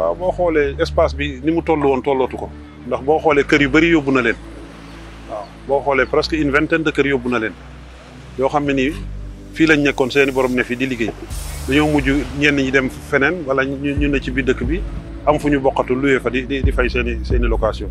waaw boo xoolee espace bi ni mu toll woon tollootu ko ndax boo xoolee kër yu bëri yóbbu na leen waaw boo xoolee presque une vingtaine de kër yóbbu na leen yoo xam ne nii fii lañ nekkoon seeni borom ne fii di liggéey dañoo mujj ñenn ñi dem feneen wala ñu ne ci biir dëkk bi am fu ñu bokkatu luwee fa di di fay seeni seeni location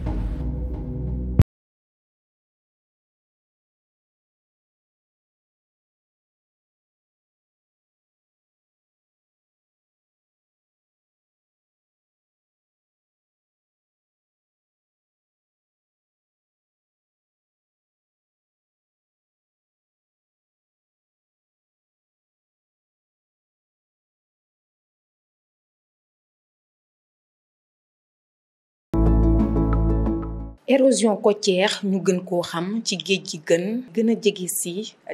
érosion côtière ñu gën koo xam ci géej gi gën gën a jege si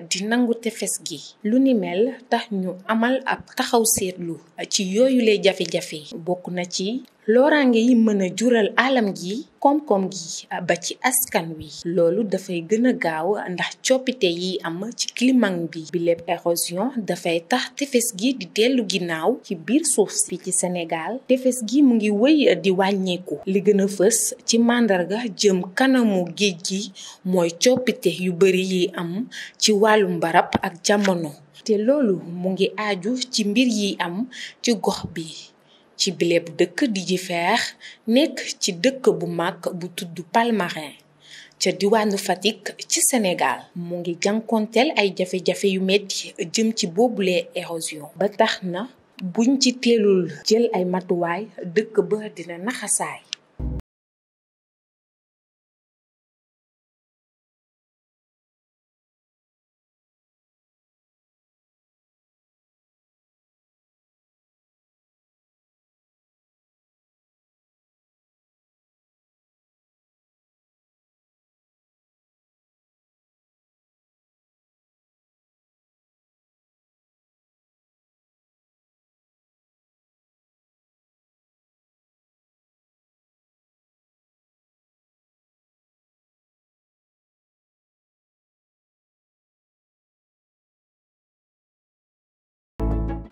di nangu tefes gi lu ni mel tax ñu amal ab taxaw seetlu ci yooyu lay jafe-jafe bokk na ci loraange yi mën a jural alam gi koom-koom gi ah, ba ci askan wi loolu dafay gën a gaaw ah, ndax coppite yi am ci climat bi bi dafay tax tefes gi di dellu ginnaaw ci biir suuf si ci Sénégal tefes gi mu ngi wëy di wàññeeku li gën a fës ci màndarga jëm kanamu géej gi mooy coppite yu bari yi am ci wàllu mbarab ak jamono te loolu mu ngi aju ci mbir yi am ci gox bi ci bileeb dëkk di ji feex nekk ci dëkk bu mag bu tudd Palmarin ca diwaanu Fatik, ci Sénégal mu ngi jànkonteel ay jafe-jafe yu metti jëm ci boobule érosion ba tax na buñ ci teelul jël ay matuwaay dëkk ba dina naxasaay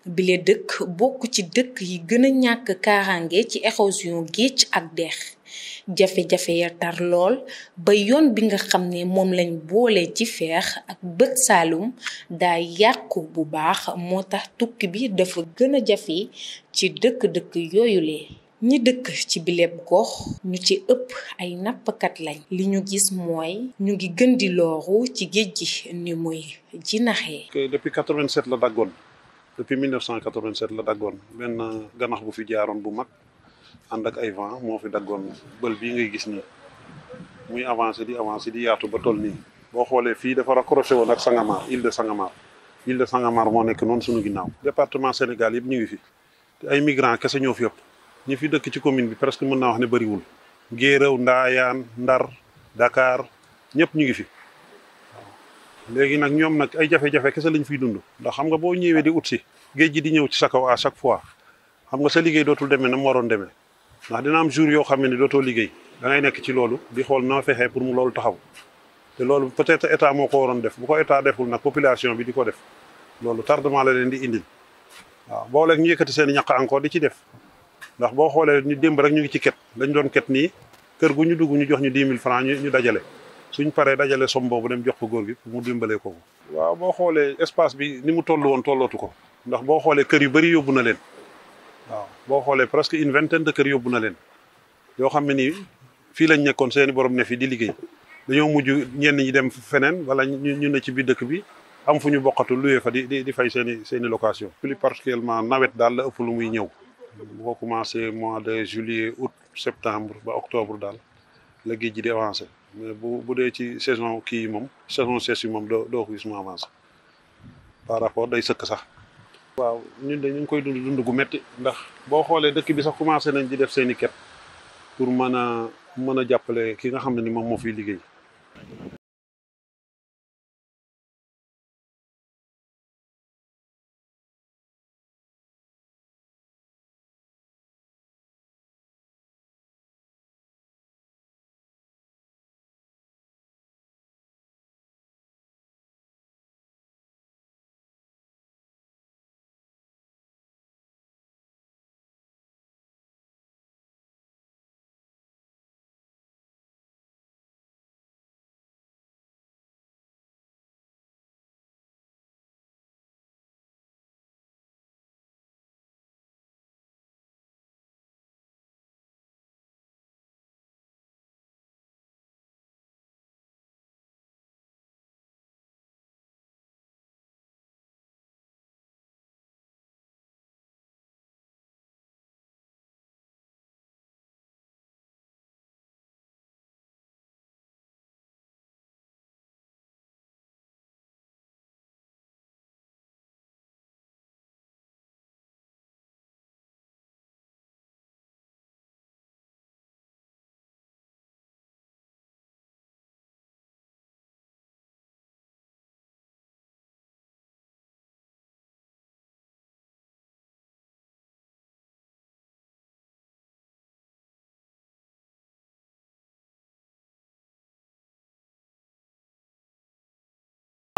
bile dëkk bokk ci dëkk yi gën a ñàkk kaarange ci érosion géej ak dex jafe-jafe ya tar lool ba yoon bi nga xam ne moom lañ boole ci feex ak bët saalum daa yàqu bu baax moo tax tukki bi dafa gën a jafe ci dëkk-dëkk yooyule ñi dëkk ci bileb gox ñu ci ëpp ay nappkat lañ li ñu gis mooy ñu ngi gën di looru ci géej gi ni muy jinaxee depuis 87 la daggoon depuis 1987 la daggoon ben ganax bu fi jaaron bu mag and ak ay vent mo fi daggoon beul bi ngay gis ni muy avancer di avancer di yaatu ba tol ni bo xolé fi dafa raccrocher won ak Sangamar île de Sangamar île de Sangamar mo nek non suñu ginnaw département Sénégal yeb ñu ngi fi te ay migrants kese ñoo fi yop ñi fi dëkk ci commune bi presque mëna wax ne bëriwul Géeréw Ndaayaan Ndar Dakar ñep ñu ngi fi léegi nag ñoom nag ay jafe-jafe kese lañ fiy dund ndax xam nga boo ñëwee di ut si géej gi di ñëw ci sa kaw à chaque fois xam nga sa liggéey dootul demee na mu waroon demee ndax dina am jour yoo xam ne dootoo liggéey da ngay nekk ci loolu di xool noo fexee pour mu loolu taxaw te loolu peut état moo ko waroon def bu ko état deful nag population bi di ko def loolu tardement la leen di indil waaw booleeg ñu yëkkati seen ñaq encore di ci def ndax boo xoolee ñu démb rek ñu ngi ci ket dañ doon ket nii kër gu ñu dugg ñu jox ñu 10 000 francs ñu dajale suñ paree dajale som boobu dem jox ko góor gi mu dimbalee ko waaw boo xoolee espace bi ni mu toll woon tollootu ko ndax boo xoolee kër yu bëri yóbbu na leen waaw boo xoolee presque une vingtaine de kër yóbbu na leen yoo xam ne nii fii lañ nekkoon seeni borom ne fi di liggéey dañoo mujj ñenn ñi dem feneen wala ñu ne ci biir dëkk bi am fu ñu bokkatu luyee fa di di fay seen seen i location plus particulièrement nawet daal la ëpp lu muy ñëw boo commencé mois de juillet août septembre ba octobre daal gi di mais bu bu dee ci saison kii yi moom saison sèche yi moom doo doo ko gis mu avancé par rapport day sëkk sax. waaw ñun de ñu koy dund dund gu metti ndax boo xoolee dëkk bi sax commencé nañ di def seen i ket pour mën a mën a jàppale ki nga xam ne ni moom moo fiy liggéey.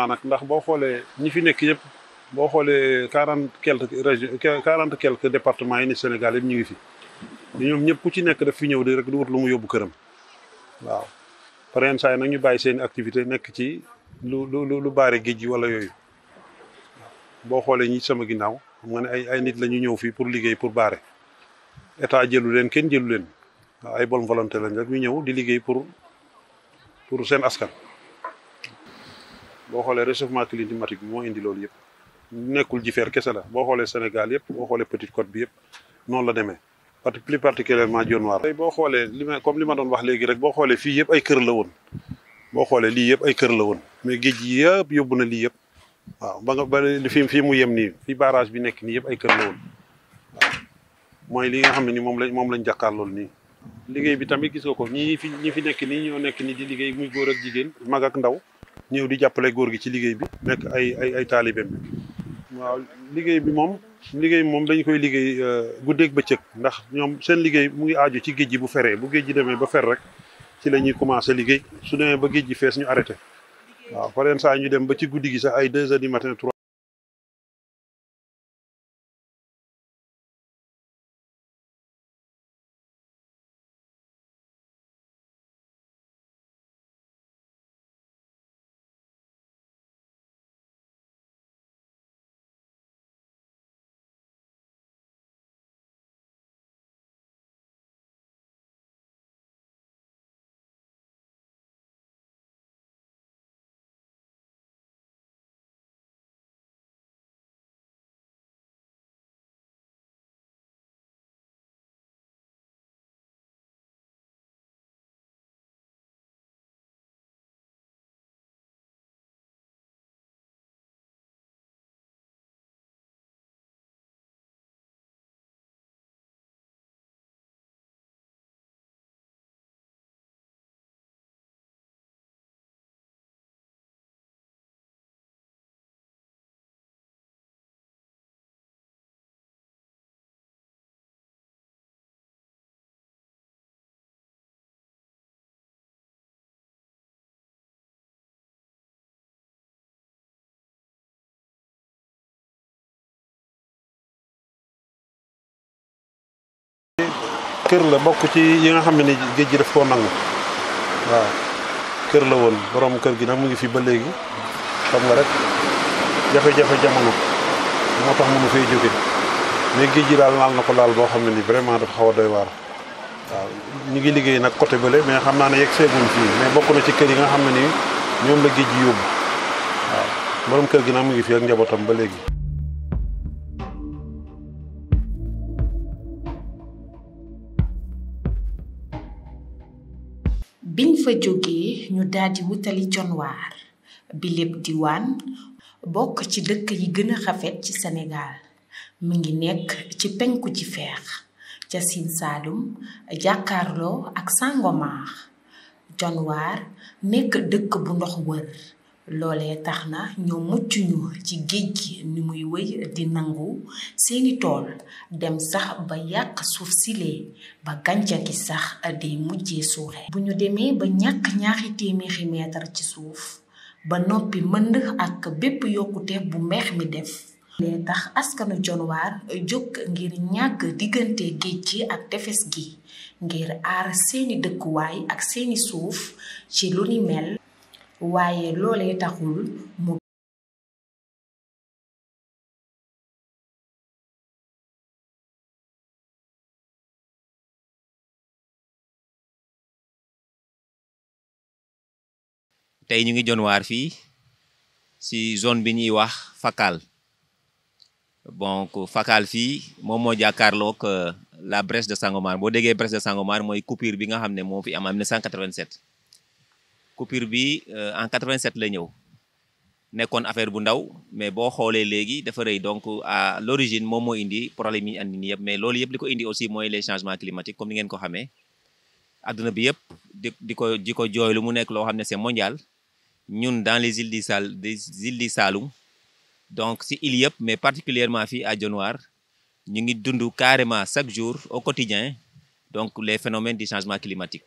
nak ndax bo xolé ñi fi nek yépp bo xolé 40 quelque région quarante quelque département yi ni Sénégal yi ñi ngi fi ñoom ñëpp ku ci nek daf fi ñëw di rek du wut lu mu yóbbu kërëm waaw pareen saay nak ñu bay seen activité nek ci lu lu lu bari géej gi wala yooyu bo xolé ñi sama ginnaaw xam nga ay ay nit lañu ñu ñëw fii pour liggéey pour baare état jëlu leen kenn jëlu leen ay bon volonté lañ rek ñu ñëw di liggéey pour pour seen askan boo xoolee réchauffement climatique bi moo indi loolu yëpp nekkul jifeer kese la boo xoolee Sénégal yëpp boo xoolee Petite Côte bi yëpp noonu la demee parce plus particulièrement Dionne Waar tey boo xoolee li ma comme li ma doon wax léegi rek boo xoolee fii yëpp ay kër la woon boo xoolee lii yëpp ay kër la woon mais géej gi yëpp yóbbu na lii yëpp waaw ba nga ba fi fii mu yem nii fii barrage bi nekk nii yëpp ay kër la woon mooy li nga xam ne ni moom lañ moom lañ jàkkaar nii liggéey bi tamit gisoo ko ñi fi ñi fi nekk nii ñoo nekk nii di liggéey muy góor ak jigéen mag ndaw ñëw di jàppale góor gi ci liggéey bi nekk ay ay ay taalibeem bi waaw liggéey bi moom liggéey bi moom dañu koy liggéey euh, guddeeg bëccëg ndax ñoom seen liggéey mu ngi aju ci géej gi bu feree bu géej gi demee ba fer rek ci la ñuy commencé liggéey su demee ba géej gi fees ñu arrêté waaw fa leen saa ñu dem ba ci guddi gi sax ay deux heures du matin kër la bokk ci yi nga xam ne ni géej gi daf koo nangu waaw kër la woon borom kër gi nag mu ngi fi ba léegi xam nga rek jafe-jafe jamono moo tax mënu fay jóge mais géej gi daal laal na ko laal boo xam ne ni vraiment daf xaw a doy waar waaw ñu ngi liggéey nag côté bële mais xam naa ne yegg seeguñ fii mais bokk na ci kër yi nga xam ne ni ñoom la géej gi yóbbu waaw borom kër gi nag mu ngi fi ak njabootam ba léegi biñ fa jógee ñu daldi wutali Dionewar bi lépp diwaan bokk ci dëkk yi gën a rafet ci Sénégal mu ngi nekk ci penku ci feex ca Sine Saalum jàkkaarloo ak Sangomar Dionewar nekk dëkk bu ndox wër loole tax na ñoo mucc ñu ci géej gi ni muy wéy di nangu seeni tool dem sax ba yàq suuf silee ba gàncax gi sax day mujjee suuxe bu ñu demee ba ñàkk ñaari téeméeri meetar ci suuf ba noppi mënd ak bépp yokkute bu meex mi def lee tax askanu jonwaar jóg ngir ñàkk diggante géej gi ak tefes gi ngir aar seeni dëkkuwaay ak seeni suuf ci lu ni mel waaye loolee taxul tey ñu ngi jonwaar fii ci zone bi ñuy wax Fakal donc Fakal fii moom moo jàkkaarloog euh, la brèche de Sangomar boo déggee brèche de Sangomar mooy coupure bi nga xam ne moo fi am 1987 coupure bi euh, en 87 la Ne nekkoon affaire bu ndaw mais bo xolé léegi dafa reuy donc à l'origine Momo moo indi problème yi andi mais loolu yëpp liko indi aussi moy les changements climatiques comme ni ngeen ko xamé aduna bi yëpp diko di joy lu mu nekk lo xamné c'est mondial ñun dans les îles du Sal des îles du Saloum donc si île yëpp mais particulièrement fi à Dionewar ñu ngi dundu carrément chaque jour au quotidien donc les phénomènes du changement climatique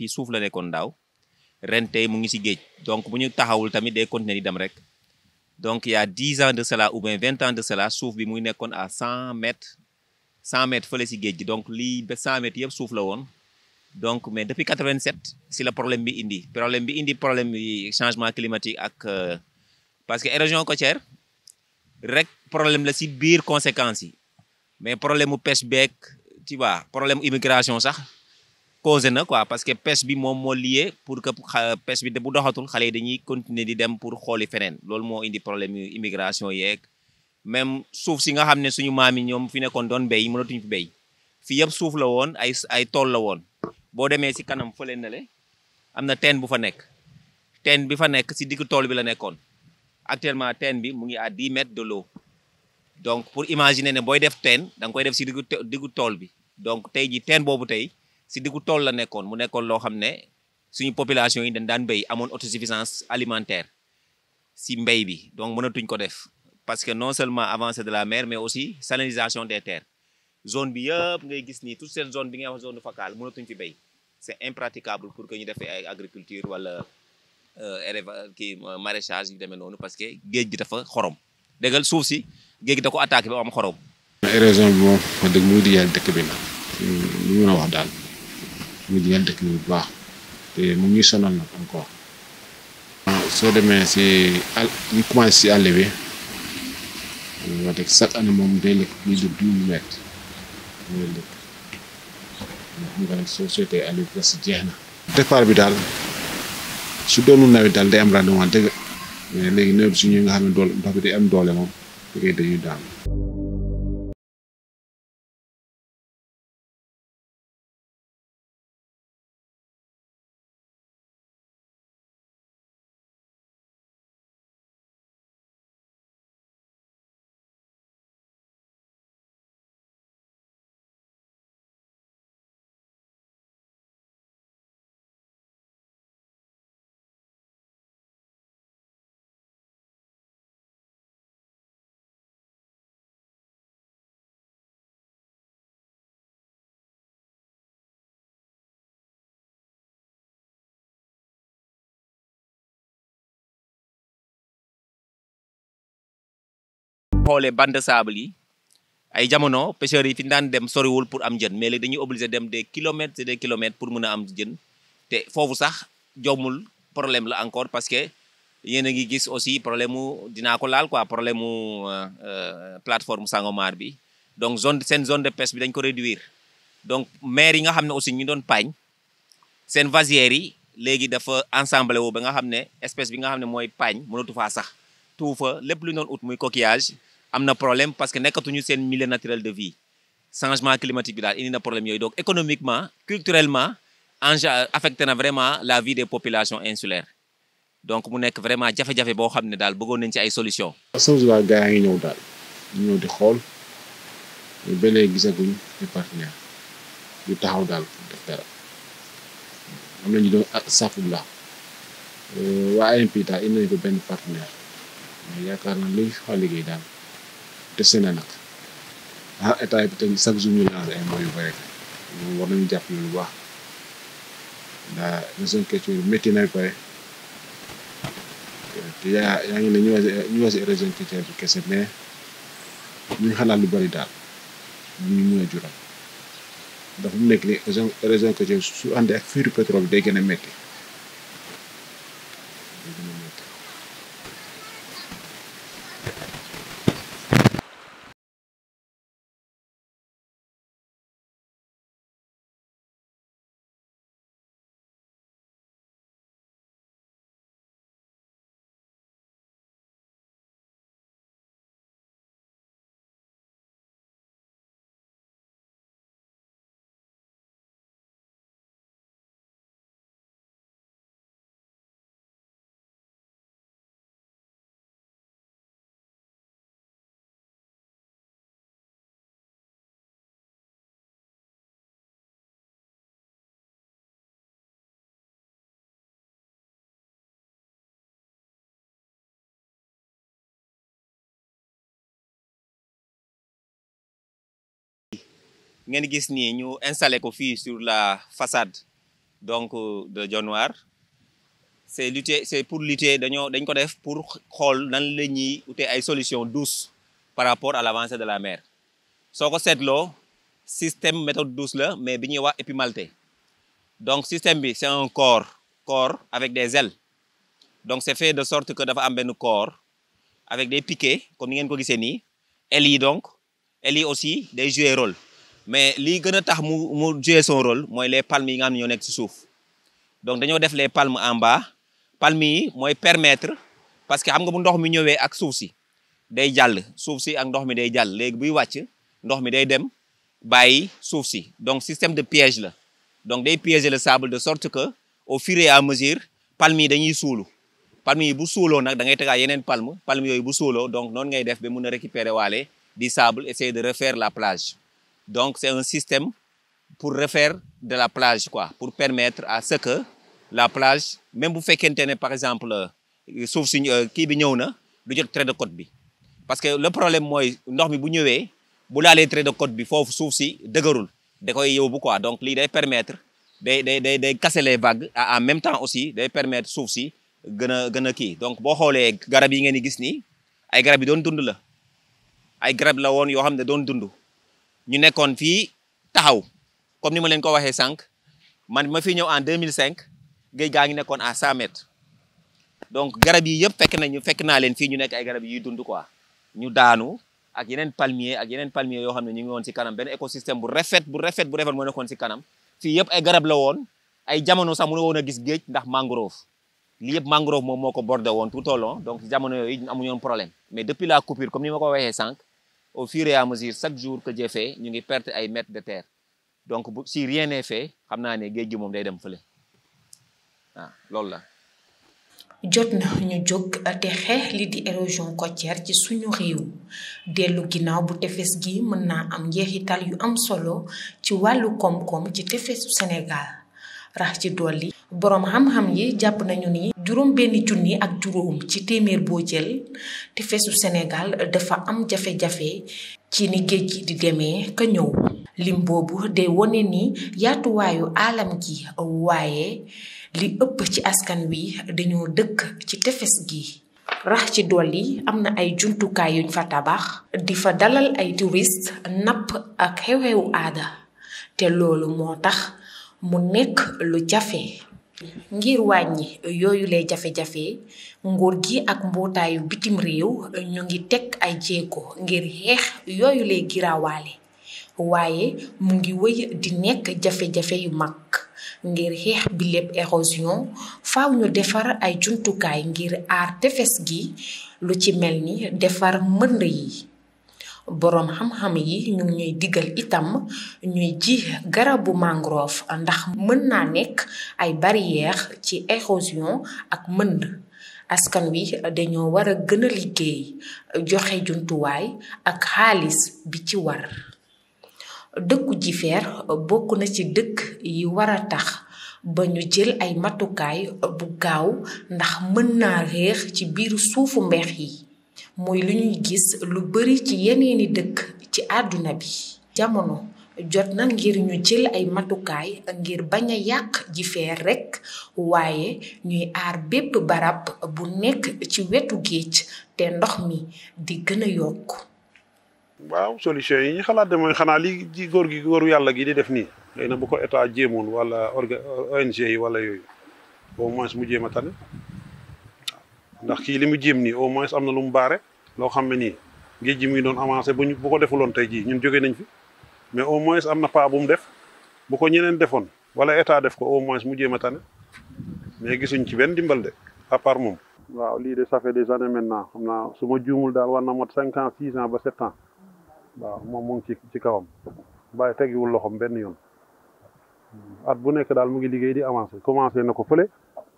fii suuf la nekkoon daaw ren tey mu ngi si géej donc bu ñu taxawul tamit day continuer di dem rek donc il y a ans de cela ou bien vingt ans de cela suuf bi mu nekkoon à cent mètres cent mètres fële si géej gi donc lii ba cent mètres yëpp suuf la woon donc mais depuis quatre-vingt-sept si la problème bi indi problème bi indi problème bi changement climatique ak euh, parce que érosion côtière rek problème la si biir conséquences yi mais problème mu pêche beeg problème immigration sax causé na quoi parce que pêche bi moom moo lié pour que pêche bi bu doxatul xale yi dañuy continuer di dem pour xooli feneen loolu moo indi problème yu immigration yeeg même suuf si nga xam ne suñu maam yi ñoom fi nekkoon doon béy mënatuñ fi béy fii yëpp suuf la woon ay ay tool la woon boo demee si kanam fële na le am na teen bu fa nekk teen bi fa nekk si diggu tool bi la nekkoon actuellement teen bi mu ngi à 10 de l'eau donc pour imaginer ne booy def teen da koy def si diggu diggu tool bi donc tey ji teen boobu tey si digu tool la nekkoon mu nekkoon lo xam suñu population yi dañ dan béy amone autosuffisance alimentaire si mbéy bi donc mënatuñ ko def parce que non seulement avancée de la mer mais aussi salinisation des terres zone bi yeb ngay gis ni toute cette zone bi nga wax zone focale mënatuñ fi béy c'est impraticable pour que ñu def ay agriculture wala euh, éleva ki maraîchage yu demee nonu parce que géej gi dafa xorom dégal suuf si géej gi da ko attaqué ba am xorom. érosion bi moom wax dëgg mu di yàlla dëkk bi ñu wax daal. nit ñi bi bu baax te mu ngi sonal nag soo demee si àll ñu commencé si àll bi wax dëgg année moom day lekk day soo seetee àll bi presque bi daal su doonul nawet daal day am rendement dëgg mais léegi nawet su ñëwee nga xam ne doole ndox bi day am doole moom liggéey dañuy daan. xolé bande sable yi ay jamono pêcheur yi fi ndan dem dem wul pour am jeun mais léegi dañuy obligé dem des kilomètres de des kilomètres pour mëna am jeun té fofu sax jomul problème la encore parce que yéen ngi gis aussi problème dina ko lal quoi problème euh plateforme Sangomar bi donc zone sen zone de pêche bi dañ ko réduire donc maire yi nga xamné aussi ñu don pagne sen vasières yi légui dafa ensemble wu ba nga xamné espèce bi nga xamné moy pagne mënatu fa sax tout fa lepp lu ñu ut muy coquillage am na problème parce que c'est seen milieu naturel de vie changement climatique bi daal indi na problème yooyu donc économiquement culturellement affecte na vraiment la vie des populations insulaires donc mu nekk vraiment jafe-jafe boo xam ne daal bëggoon nañ ci ay solution changement gaa yi ñëw daal ñu ñëw di xool ñu ba léegi gisaguñ di partenaire ñu taxaw daal def dara am nañu doon ah, safula euh, waa ANP daal indi nañ ko benn partenaire mais yaakaar na liggéey testé na nag ah état bi tamit chaque jour ñu lancé ay moyens yu bëri moom war nañu jàpp lu baax ndax région Kédougou bi métti na pare te yaa ngi ne ñu ñu wasi région Kédougou bi kese mais ñu xalaat lu bëri daal ñu mën a jural ndax mu nekk nii région région Kédougou su àndee ak fiiru pétrole bi day gën a métti. ngeen gis ñu installé ko fii sur la façade donc de John c'est pour lutter dañ pour xool nan la ñuy ay solution douce par rapport à l'avancée de la mer soo c'est seetloo système méthode douce la mais bi ñuy wax épimalté donc système bi c'est un corps corps avec des ailes donc c'est fait de sorte que dafa am un corps avec des piquets comme ni ngeen ko gisee nii ailes donc ailes aussi des jouer rôle mais lii gën a tax mu mu jouer son mooy les palmes yi nga xam ne ñoo nekk ci suuf donc dañoo def les palmes en ba palmes yi mooy permettre parce que xam nga bu ndox mi ñëwee ak suuf si day jàll suuf si ak ndox mi day jàll léegi buy wàcc ndox mi day dem bàyyi suuf si donc système de piège la donc day piéger le sable de sorte que au fure et à mesure palmes yi dañuy suulu palmes yi bu suuloo nag da ngay tegaat yeneen palme palme yooyu bu suuloo donc noonu ngay def bi mun a récupérer waale di de refaire la plage Donc c'est un système pour refaire de la plage, quoi, pour permettre à ce que la plage, même vous faites qu'un par exemple, euh, sauf si qui euh, est na, le trait de côte Parce que le problème moi, norme si vous bu laalé trait de côte bi faut sauf si dëgërul, da koy quoi. Donc li day permettre de casser les vagues en même temps aussi de permettre suuf si de a donc si vous garab yi ngeen di gis nii ay garab yi doon dund la ay garab la woon ñu nekkoon fii taxaw comme ni ma leen ko waxee sànq man ma fi ñëw en 2005 géej gaa ngi nekkoon à 100 mètres donc garab yi yëpp fekk nañu naa leen fii ñu nekk ay garab yuy dund quoi ñu daanu ak yeneen palmier ak yeneen palmier yoo xam ne ñu ngi woon ci kanam benn écosystème bu rafet bu rafet bu rafet moo nekkoon ci kanam fii yëpp ay garab la woon ay jamono sax mënu woon a gis géej ndax mangrove li yëpp mangrove moom moo ko bordé woon tout au long donc jamono yooyu amuñoon problème mais depuis la coupure ma ko waxee sànq au fur et à chaque jour que Dieu fait ñu ngi perte ay mètres de terre donc bu si rien n'est xam naa ne géej gi moom day dem fële waaw loolu la. jot na ñu jóg te xeex li di érosion côtière ci suñu réew dellu ginnaaw bu tefes gi mën naa am tal yu am solo ci wàllu koom-koom ci tefesu Sénégal rax ci dolli. boroom xam-xam yi jàpp nañu ni juróom benn junni ak juróom ci téeméer boo jël te feesu dafa am jafe-jafe ci ni géej gi di demee ka ñëw lim boobu day wone ni yaatuwaayu alam gi waaye li ëpp ci askan wi dañoo dëkk ci tefes gi rax ci dolli am na ay jumtukaay yuñ fa tabax di fa dalal ay touriste napp ak xew-xewu aada te loolu moo tax mu nekk lu jafe ngir wàññi yooyu lay jafe-jafe nguur gi ak mbootaayu bitim réew ñu ngi teg ay jéego ngir xeex yooyu lay giraawaale waaye mu ngi wëy di nekk jafe-jafe yu mag ngir xeex bi lépp érosion ñu defar ay jumtukaay ngir aar tefes gi lu ci mel ni defar mbënd yi boroom xam-xam yi ñu ñuy digal itam ñuy ji garabu mangrove ndax mën naa nekk ay bariyeex ci érosion ak mënd askan wi dañoo war a gën a liggéey joxe jumtuwaay ak xaalis bi ci war dëkku Jifeer bokk na ci dëkk yi war a tax ba ñu jël ay mattukaay bu gaaw ndax mën naa réer ci biiru suufu mbeex yi mooy lu ñuy gis lu bari ci yeneeni dëkk ci àdduna bi jamono jot na ngir ñu jël ay matukaay ngir bañ a yàq ji feer rekk waaye ñuy aar bépp barab bu nekk ci wetu géej te ndox mi di gën a yokk waaw solution yi ñu xalaat de mooy xanaa li ji góor gi góoru yàlla gi di def nii xëy na bu ko état jéemoon wala ONG yi wala yooyu au moins mu jéem a tane ndax kii li mu jéem nii au moins am na lu mu baare loo xam ne ni géej gi muy doon avancé bu ñu ko defuloon tey jii ñun jóge nañ fi mais au moins am na pas bu mu def bu ko ñeneen defoon wala état def ko au moins mu jéem a tane mais gisuñ ci benn dimbal de à part moom. waaw lii de ça fait des années maintenant xam naa su ma juumul daal war na mot cinq ans six ans ba sept ans waaw moom mu ngi ci ci kawam bàyyi teggiwul loxoom benn yoon at bu nekk daal mu ngi liggéey di avancé commencé na ko fële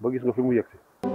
ba gis nga fi mu yeg si